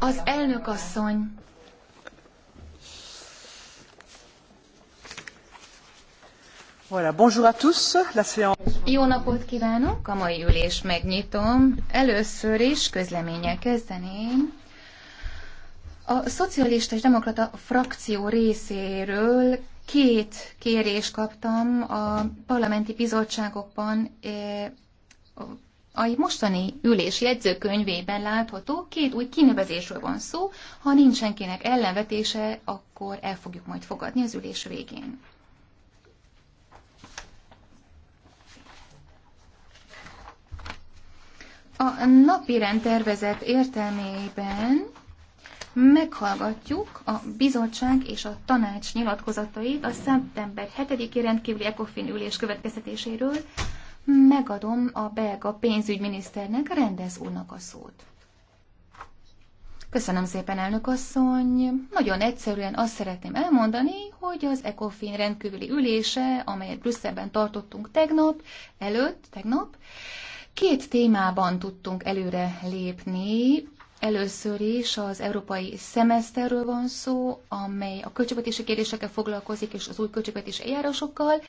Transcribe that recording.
Az elnök asszony. Voilà, bonjour à tous. La séance... Jó napot kívánok, a mai ülés megnyitom. Először is közleménnyel kezdeném. A szocialista és demokrata frakció részéről két kérést kaptam a parlamenti bizottságokban eh, a mostani ülés jegyzőkönyvében látható két új kinevezésről van szó. Ha nincs senkinek ellenvetése, akkor el fogjuk majd fogadni az ülés végén. A napirend tervezet értelmében meghallgatjuk a bizottság és a tanács nyilatkozatait a szeptember 7-i rendkívüli ECOFIN ülés következtetéséről, megadom a belga pénzügyminiszternek, Rendez úrnak a szót. Köszönöm szépen, elnök asszony. Nagyon egyszerűen azt szeretném elmondani, hogy az ECOFIN rendkívüli ülése, amelyet Brüsszelben tartottunk tegnap, előtt, tegnap, két témában tudtunk előre lépni. Először is az európai szemeszterről van szó, amely a költségvetési kérdésekkel foglalkozik, és az új költségvetési eljárásokkal.